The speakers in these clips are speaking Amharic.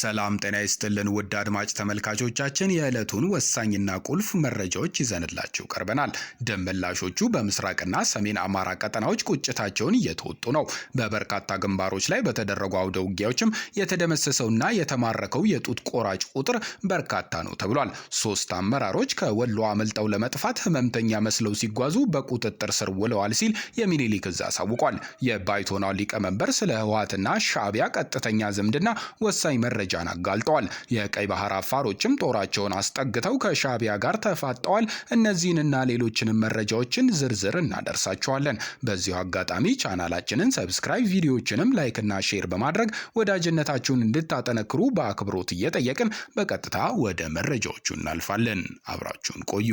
ሰላም ጤና ይስጥልን ውድ አድማጭ ተመልካቾቻችን፣ የዕለቱን ወሳኝና ቁልፍ መረጃዎች ይዘንላችሁ ቀርበናል። ደመላሾቹ በምስራቅና ሰሜን አማራ ቀጠናዎች ቁጭታቸውን እየተወጡ ነው። በበርካታ ግንባሮች ላይ በተደረጉ አውደ ውጊያዎችም የተደመሰሰውና የተማረከው የጡት ቆራጭ ቁጥር በርካታ ነው ተብሏል። ሶስት አመራሮች ከወሎ አመልጠው ለመጥፋት ህመምተኛ መስለው ሲጓዙ በቁጥጥር ስር ውለዋል ሲል የሚኒሊክ እዝ አሳውቋል። የባይቶናው ሊቀመንበር ስለ ህወሓትና ሻዕቢያ ቀጥተኛ ዝምድና ወሳኝ መረጃን አጋልጠዋል። የቀይ ባህር አፋሮችም ጦራቸውን አስጠግተው ከሻቢያ ጋር ተፋጠዋል። እነዚህንና ሌሎችንም መረጃዎችን ዝርዝር እናደርሳቸዋለን። በዚሁ አጋጣሚ ቻናላችንን ሰብስክራይብ፣ ቪዲዮዎችንም ላይክና ሼር በማድረግ ወዳጅነታችሁን እንድታጠነክሩ በአክብሮት እየጠየቅን በቀጥታ ወደ መረጃዎቹ እናልፋለን። አብራችሁን ቆዩ።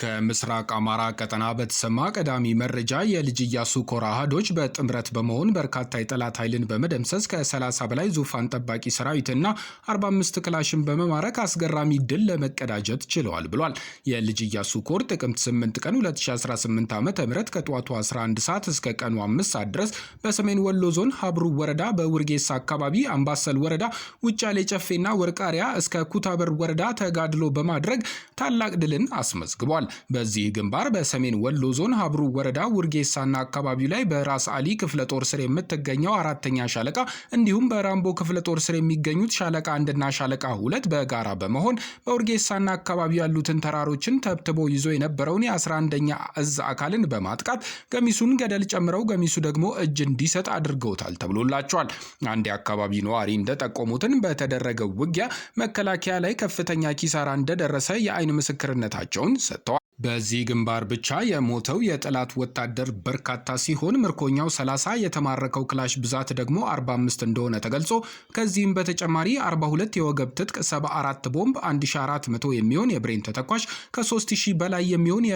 ከምስራቅ አማራ ቀጠና በተሰማ ቀዳሚ መረጃ የልጅ እያሱ ኮር አሃዶች በጥምረት በመሆን በርካታ የጠላት ኃይልን በመደምሰስ ከ30 በላይ ዙፋን ጠባቂ ሰራዊትና 45 ክላሽን በመማረክ አስገራሚ ድል ለመቀዳጀት ችለዋል ብሏል። የልጅ እያሱ ኮር ጥቅምት 8 ቀን 2018 ዓ.ም ከጠዋቱ 11 ሰዓት እስከ ቀኑ 5 ሰዓት ድረስ በሰሜን ወሎ ዞን ሀብሩ ወረዳ በውርጌሳ አካባቢ፣ አምባሰል ወረዳ ውጫሌ ጨፌና ወርቃሪያ እስከ ኩታበር ወረዳ ተጋድሎ በማድረግ ታላቅ ድልን አስመዝግቧል። ተናግረዋል። በዚህ ግንባር በሰሜን ወሎ ዞን ሀብሩ ወረዳ ውርጌሳና አካባቢው ላይ በራስ አሊ ክፍለ ጦር ስር የምትገኘው አራተኛ ሻለቃ እንዲሁም በራምቦ ክፍለ ጦር ስር የሚገኙት ሻለቃ አንድና ሻለቃ ሁለት በጋራ በመሆን በውርጌሳና አካባቢው ያሉትን ተራሮችን ተብትቦ ይዞ የነበረውን የ11ኛ እዝ አካልን በማጥቃት ገሚሱን ገደል ጨምረው ገሚሱ ደግሞ እጅ እንዲሰጥ አድርገውታል ተብሎላቸዋል። አንድ የአካባቢ ነዋሪ እንደጠቆሙትን በተደረገው ውጊያ መከላከያ ላይ ከፍተኛ ኪሳራ እንደደረሰ የአይን ምስክርነታቸውን ሰጥተዋል። በዚህ ግንባር ብቻ የሞተው የጠላት ወታደር በርካታ ሲሆን ምርኮኛው 30 የተማረከው ክላሽ ብዛት ደግሞ 45 እንደሆነ ተገልጾ ከዚህም በተጨማሪ 42 የወገብ ትጥቅ፣ 74 ቦምብ፣ 1400 የሚሆን የብሬን ተተኳሽ፣ ከ3000 በላይ የሚሆን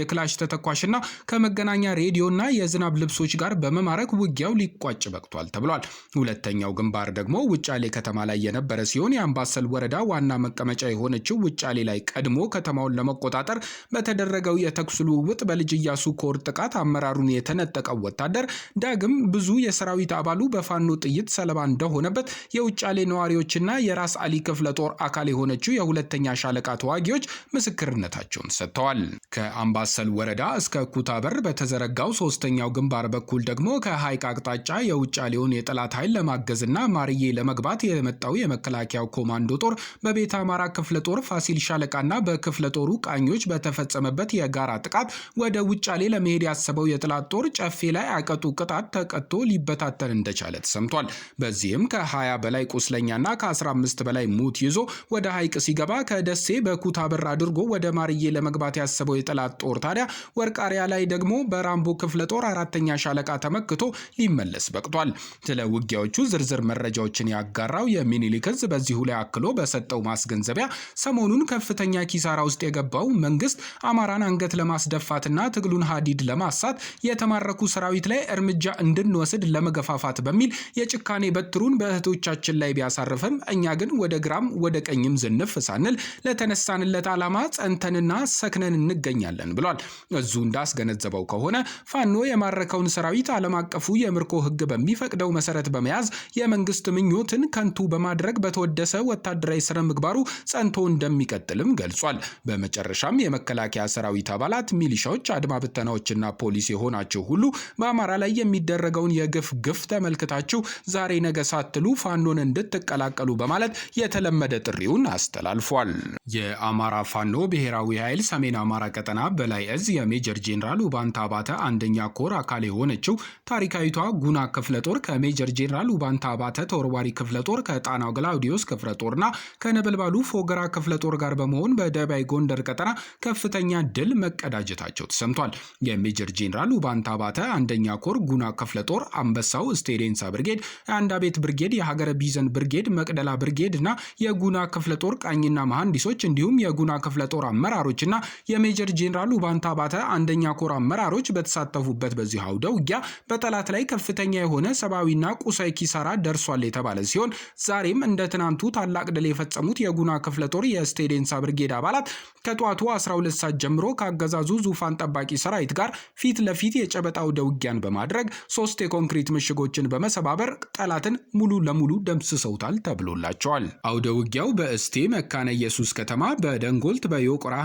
የክላሽ ተተኳሽና ከመገናኛ ሬዲዮና የዝናብ ልብሶች ጋር በመማረክ ውጊያው ሊቋጭ በቅቷል ተብሏል። ሁለተኛው ግንባር ደግሞ ውጫሌ ከተማ ላይ የነበረ ሲሆን የአምባሰል ወረዳ ዋና መቀመጫ የሆነችው ውጫሌ ላይ ቀድሞ ከተማውን ለመቆጣጠር በተደረገው የተኩስ ልውውጥ በልጅ ኢያሱ ኮር ጥቃት አመራሩን የተነጠቀው ወታደር ዳግም ብዙ የሰራዊት አባሉ በፋኖ ጥይት ሰለባ እንደሆነበት የውጫሌ ነዋሪዎችና የራስ አሊ ክፍለ ጦር አካል የሆነችው የሁለተኛ ሻለቃ ተዋጊዎች ምስክርነታቸውን ሰጥተዋል። ከአምባሰል ወረዳ እስከ ኩታበር በተዘረጋው ሶስተኛው ግንባር በኩል ደግሞ ከሐይቅ አቅጣጫ የውጫሌውን የጠላት ኃይል ለማገዝና ማርዬ ለመግባት የመጣው የመከላከያው ኮማንዶ ጦር በቤተ አማራ ክፍለ ጦር ፋሲል ሻለቃና በክፍለ ጦሩ ቃኞች በተፈ በተፈጸመበት የጋራ ጥቃት ወደ ውጫሌ ለመሄድ ያሰበው የጠላት ጦር ጨፌ ላይ አቀጡ ቅጣት ተቀጥቶ ሊበታተን እንደቻለ ተሰምቷል። በዚህም ከ20 በላይ ቁስለኛና ከ15 በላይ ሙት ይዞ ወደ ሐይቅ ሲገባ ከደሴ በኩታ በር አድርጎ ወደ ማርዬ ለመግባት ያሰበው የጠላት ጦር ታዲያ ወርቃሪያ ላይ ደግሞ በራምቦ ክፍለ ጦር አራተኛ ሻለቃ ተመክቶ ሊመለስ በቅቷል። ስለ ውጊያዎቹ ዝርዝር መረጃዎችን ያጋራው የሚኒሊክ እዝ በዚሁ ላይ አክሎ በሰጠው ማስገንዘቢያ ሰሞኑን ከፍተኛ ኪሳራ ውስጥ የገባው መንግስት አማራን አንገት ለማስደፋትና ትግሉን ሀዲድ ለማሳት የተማረኩ ሰራዊት ላይ እርምጃ እንድንወስድ ለመገፋፋት በሚል የጭካኔ በትሩን በእህቶቻችን ላይ ቢያሳርፍም እኛ ግን ወደ ግራም ወደ ቀኝም ዝንፍ ሳንል ለተነሳንለት ዓላማ ጸንተንና ሰክነን እንገኛለን ብሏል። እዙ እንዳስገነዘበው ከሆነ ፋኖ የማረከውን ሰራዊት ዓለም አቀፉ የምርኮ ሕግ በሚፈቅደው መሰረት በመያዝ የመንግስት ምኞትን ከንቱ በማድረግ በተወደሰ ወታደራዊ ስነ ምግባሩ ጸንቶ እንደሚቀጥልም ገልጿል። በመጨረሻም የመከላ የመከላከያ ሰራዊት አባላት፣ ሚሊሻዎች፣ አድማ ብተናዎችና ፖሊስ የሆናችሁ ሁሉ በአማራ ላይ የሚደረገውን የግፍ ግፍ ተመልክታችሁ ዛሬ ነገ ሳትሉ ፋኖን እንድትቀላቀሉ በማለት የተለመደ ጥሪውን አስተላልፏል። የአማራ ፋኖ ብሔራዊ ኃይል ሰሜን አማራ ቀጠና በላይ እዝ የሜጀር ጄኔራል ውባንታ አባተ አንደኛ ኮር አካል የሆነችው ታሪካዊቷ ጉና ክፍለ ጦር ከሜጀር ጄኔራል ውባንታ አባተ ተወርዋሪ ክፍለ ጦር ከጣናው ግላውዲዮስ ክፍለ ጦርና ከነበልባሉ ፎገራ ክፍለ ጦር ጋር በመሆን በደባይ ጎንደር ቀጠና ከፍተኛ ድል መቀዳጀታቸው ተሰምቷል። የሜጀር ጄኔራል ውባንታ አባተ አንደኛ ኮር ጉና ክፍለ ጦር አንበሳው ስቴዴንሳ ብርጌድ፣ የአንዳቤት ብርጌድ፣ የሀገረ ቢዘን ብርጌድ፣ መቅደላ ብርጌድ እና የጉና ክፍለ ጦር ቃኝና መሐንዲሶች አዛዦች እንዲሁም የጉና ክፍለ ጦር አመራሮችና የሜጀር ጄኔራሉ ውባንታ ባተ አንደኛ ኮር አመራሮች በተሳተፉበት በዚህ አውደ ውጊያ በጠላት ላይ ከፍተኛ የሆነ ሰብአዊና ቁሳዊ ኪሳራ ደርሷል የተባለ ሲሆን ዛሬም እንደ ትናንቱ ታላቅ ድል የፈጸሙት የጉና ክፍለ ጦር የስቴዴንሳ ብርጌድ አባላት ከጠዋቱ 12 ሰዓት ጀምሮ ከአገዛዙ ዙፋን ጠባቂ ሰራዊት ጋር ፊት ለፊት የጨበጣ አውደ ውጊያን በማድረግ ሶስት የኮንክሪት ምሽጎችን በመሰባበር ጠላትን ሙሉ ለሙሉ ደምስሰውታል ተብሎላቸዋል። አውደ ውጊያው በእስቴ መካነ ኢየሱስ ከተማ በደንጎልት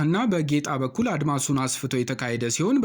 እና በጌጣ በኩል አድማሱን አስፍቶ የተካሄደ ሲሆን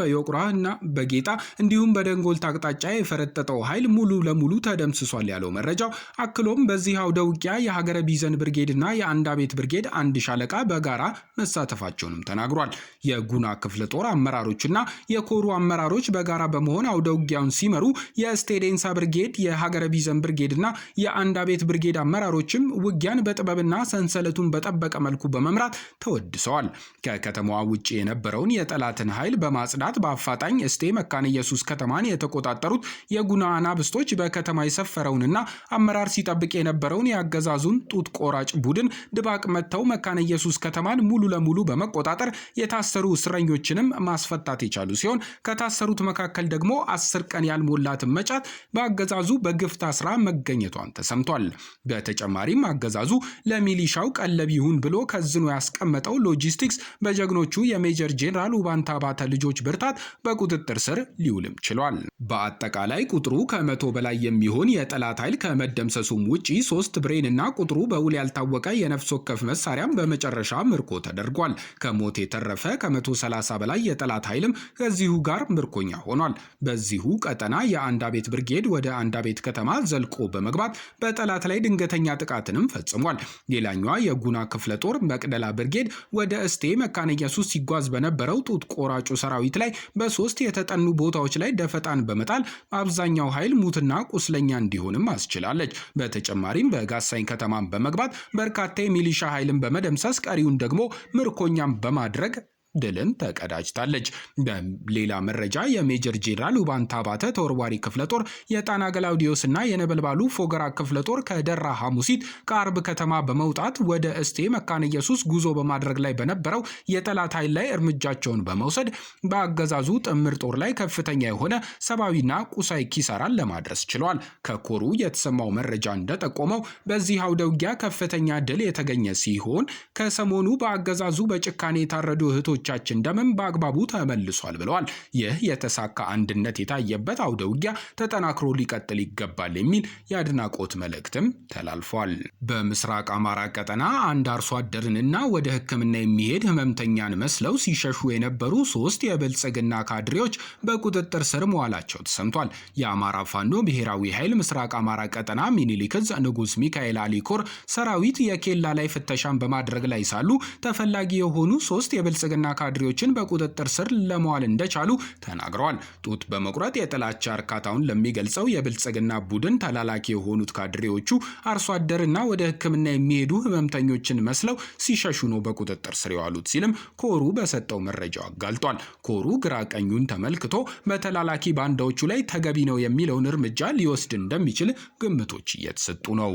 እና በጌጣ እንዲሁም በደንጎልት አቅጣጫ የፈረጠጠው ኃይል ሙሉ ለሙሉ ተደምስሷል ያለው መረጃው አክሎም በዚህ አውደ ውጊያ የሀገረ ቢዘን ብርጌድና የአንድ አቤት ብርጌድ አንድ ሻለቃ በጋራ መሳተፋቸውንም ተናግሯል። የጉና ክፍለ ጦር አመራሮችና የኮሩ አመራሮች በጋራ በመሆን አውደ ውጊያውን ሲመሩ የስቴዴንሳ ብርጌድ፣ የሀገረ ቢዘን ብርጌድና የአንድ አቤት ብርጌድ አመራሮችም ውጊያን በጥበብና ሰንሰለቱን በጠበቀ መልኩ በመ በመምራት ተወድሰዋል። ከከተማዋ ውጭ የነበረውን የጠላትን ኃይል በማጽዳት በአፋጣኝ እስቴ መካነ ኢየሱስ ከተማን የተቆጣጠሩት የጉና አናብስቶች በከተማ የሰፈረውንና አመራር ሲጠብቅ የነበረውን የአገዛዙን ጡት ቆራጭ ቡድን ድባቅ መጥተው መካነ ኢየሱስ ከተማን ሙሉ ለሙሉ በመቆጣጠር የታሰሩ እስረኞችንም ማስፈታት የቻሉ ሲሆን ከታሰሩት መካከል ደግሞ አስር ቀን ያልሞላትን መጫት በአገዛዙ በግፍ ታስራ መገኘቷን ተሰምቷል። በተጨማሪም አገዛዙ ለሚሊሻው ቀለብ ይሁን ብሎ ከዚ መዝኖ ያስቀመጠው ሎጂስቲክስ በጀግኖቹ የሜጀር ጄኔራል ውባንታ ባተ ልጆች ብርታት በቁጥጥር ስር ሊውልም ችሏል። በአጠቃላይ ቁጥሩ ከመቶ በላይ የሚሆን የጠላት ኃይል ከመደምሰሱም ውጪ ሶስት ብሬን እና ቁጥሩ በውል ያልታወቀ የነፍስ ወከፍ መሳሪያም በመጨረሻ ምርኮ ተደርጓል። ከሞት የተረፈ ከመቶ30 በላይ የጠላት ኃይልም ከዚሁ ጋር ምርኮኛ ሆኗል። በዚሁ ቀጠና የአንድ አቤት ብርጌድ ወደ አንድ አቤት ከተማ ዘልቆ በመግባት በጠላት ላይ ድንገተኛ ጥቃትንም ፈጽሟል። ሌላኛዋ የጉና ክፍለ ጦር መቅደላ ብርጌድ ወደ እስቴ መካነ ኢየሱስ ሲጓዝ በነበረው ጡት ቆራጩ ሰራዊት ላይ በሶስት የተጠኑ ቦታዎች ላይ ደፈጣን በመጣል አብዛኛው ኃይል ሙትና ቁስለኛ እንዲሆንም አስችላለች። በተጨማሪም በጋሳኝ ከተማን በመግባት በርካታ የሚሊሻ ኃይልን በመደምሰስ ቀሪውን ደግሞ ምርኮኛም በማድረግ ድልን ተቀዳጅታለች። በሌላ መረጃ የሜጀር ጄኔራል ውባንታ ባተ ተወርዋሪ ክፍለ ጦር የጣና ገላውዲዮስ እና የነበልባሉ ፎገራ ክፍለ ጦር ከደራ ሐሙሲት ከአርብ ከተማ በመውጣት ወደ እስቴ መካነ ኢየሱስ ጉዞ በማድረግ ላይ በነበረው የጠላት ኃይል ላይ እርምጃቸውን በመውሰድ በአገዛዙ ጥምር ጦር ላይ ከፍተኛ የሆነ ሰብአዊና ቁሳይ ኪሳራን ለማድረስ ችሏል። ከኮሩ የተሰማው መረጃ እንደጠቆመው በዚህ አውደውጊያ ከፍተኛ ድል የተገኘ ሲሆን ከሰሞኑ በአገዛዙ በጭካኔ የታረዱ እህቶች የወገኖቻችን ደምን በአግባቡ ተመልሷል ብለዋል። ይህ የተሳካ አንድነት የታየበት አውደ ውጊያ ተጠናክሮ ሊቀጥል ይገባል የሚል የአድናቆት መልእክትም ተላልፏል። በምስራቅ አማራ ቀጠና አንድ አርሶ አደርንና ወደ ሕክምና የሚሄድ ህመምተኛን መስለው ሲሸሹ የነበሩ ሶስት የብልጽግና ካድሬዎች በቁጥጥር ስር መዋላቸው ተሰምቷል። የአማራ ፋኖ ብሔራዊ ኃይል ምስራቅ አማራ ቀጠና ሚኒሊክዝ ንጉስ ሚካኤል አሊኮር ሰራዊት የኬላ ላይ ፍተሻን በማድረግ ላይ ሳሉ ተፈላጊ የሆኑ ሶስት የብልጽግና ካድሬዎችን በቁጥጥር ስር ለመዋል እንደቻሉ ተናግረዋል። ጡት በመቁረጥ የጥላቻ እርካታውን ለሚገልጸው የብልጽግና ቡድን ተላላኪ የሆኑት ካድሬዎቹ አርሶ አደርና ወደ ሕክምና የሚሄዱ ህመምተኞችን መስለው ሲሸሹ ነው በቁጥጥር ስር የዋሉት ሲልም ኮሩ በሰጠው መረጃው አጋልጧል። ኮሩ ግራ ቀኙን ተመልክቶ በተላላኪ ባንዳዎቹ ላይ ተገቢ ነው የሚለውን እርምጃ ሊወስድ እንደሚችል ግምቶች እየተሰጡ ነው።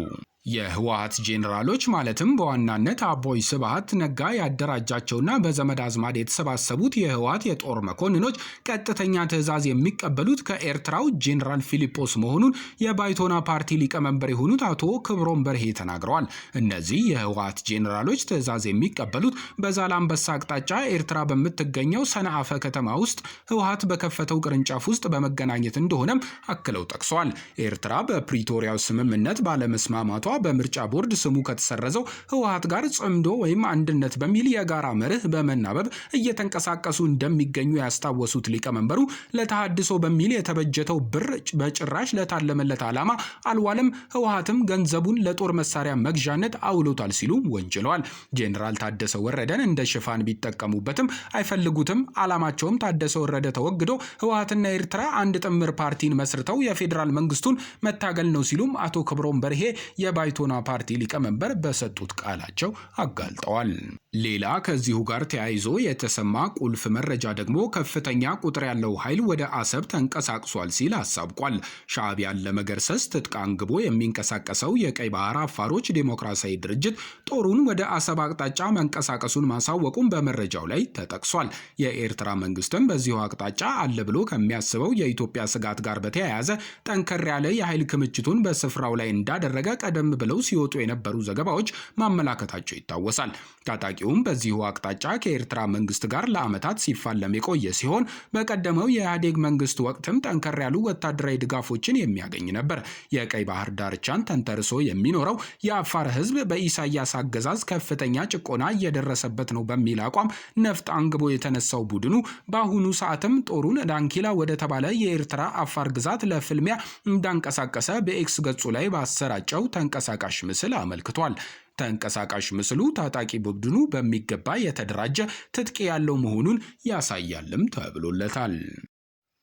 የህወሀት ጄኔራሎች ማለትም በዋናነት አቦይ ስብሃት ነጋ ያደራጃቸውና በዘመድ አዝማድ የተሰባሰቡት የህወሀት የጦር መኮንኖች ቀጥተኛ ትዕዛዝ የሚቀበሉት ከኤርትራው ጄኔራል ፊሊጶስ መሆኑን የባይቶና ፓርቲ ሊቀመንበር የሆኑት አቶ ክብሮም በርሄ ተናግረዋል። እነዚህ የህወሀት ጄኔራሎች ትዕዛዝ የሚቀበሉት በዛላምበሳ አቅጣጫ ኤርትራ በምትገኘው ሰነአፈ ከተማ ውስጥ ህወሀት በከፈተው ቅርንጫፍ ውስጥ በመገናኘት እንደሆነም አክለው ጠቅሰዋል። ኤርትራ በፕሪቶሪያው ስምምነት ባለመስማማቷ በምርጫ ቦርድ ስሙ ከተሰረዘው ህወሀት ጋር ጽምዶ ወይም አንድነት በሚል የጋራ መርህ በመናበብ እየተንቀሳቀሱ እንደሚገኙ ያስታወሱት ሊቀመንበሩ ለተሃድሶ በሚል የተበጀተው ብር በጭራሽ ለታለመለት ዓላማ አልዋለም፣ ህወሀትም ገንዘቡን ለጦር መሳሪያ መግዣነት አውሎታል ሲሉ ወንጅለዋል። ጄኔራል ታደሰ ወረደን እንደ ሽፋን ቢጠቀሙበትም አይፈልጉትም። ዓላማቸውም ታደሰ ወረደ ተወግዶ ህወሀትና ኤርትራ አንድ ጥምር ፓርቲን መስርተው የፌዴራል መንግስቱን መታገል ነው ሲሉም አቶ ክብሮም በርሄ ባይቶና ፓርቲ ሊቀመንበር በሰጡት ቃላቸው አጋልጠዋል። ሌላ ከዚሁ ጋር ተያይዞ የተሰማ ቁልፍ መረጃ ደግሞ ከፍተኛ ቁጥር ያለው ኃይል ወደ አሰብ ተንቀሳቅሷል ሲል አሳብቋል። ሻዕቢያን ለመገርሰስ ትጥቅ አንግቦ የሚንቀሳቀሰው የቀይ ባህር አፋሮች ዴሞክራሲያዊ ድርጅት ጦሩን ወደ አሰብ አቅጣጫ መንቀሳቀሱን ማሳወቁን በመረጃው ላይ ተጠቅሷል። የኤርትራ መንግስትም በዚሁ አቅጣጫ አለ ብሎ ከሚያስበው የኢትዮጵያ ስጋት ጋር በተያያዘ ጠንከር ያለ የኃይል ክምችቱን በስፍራው ላይ እንዳደረገ ቀደም ብለው ሲወጡ የነበሩ ዘገባዎች ማመላከታቸው ይታወሳል። ታጣቂውም በዚሁ አቅጣጫ ከኤርትራ መንግስት ጋር ለዓመታት ሲፋለም የቆየ ሲሆን በቀደመው የኢህአዴግ መንግስት ወቅትም ጠንከር ያሉ ወታደራዊ ድጋፎችን የሚያገኝ ነበር። የቀይ ባህር ዳርቻን ተንተርሶ የሚኖረው የአፋር ህዝብ በኢሳያስ አገዛዝ ከፍተኛ ጭቆና እየደረሰበት ነው በሚል አቋም ነፍጥ አንግቦ የተነሳው ቡድኑ በአሁኑ ሰዓትም ጦሩን ዳንኪላ ወደ ተባለ የኤርትራ አፋር ግዛት ለፍልሚያ እንዳንቀሳቀሰ በኤክስ ገጹ ላይ ባሰራጨው ተንቀሳ ተንቀሳቃሽ ምስል አመልክቷል። ተንቀሳቃሽ ምስሉ ታጣቂ ቡድኑ በሚገባ የተደራጀ ትጥቅ ያለው መሆኑን ያሳያልም ተብሎለታል።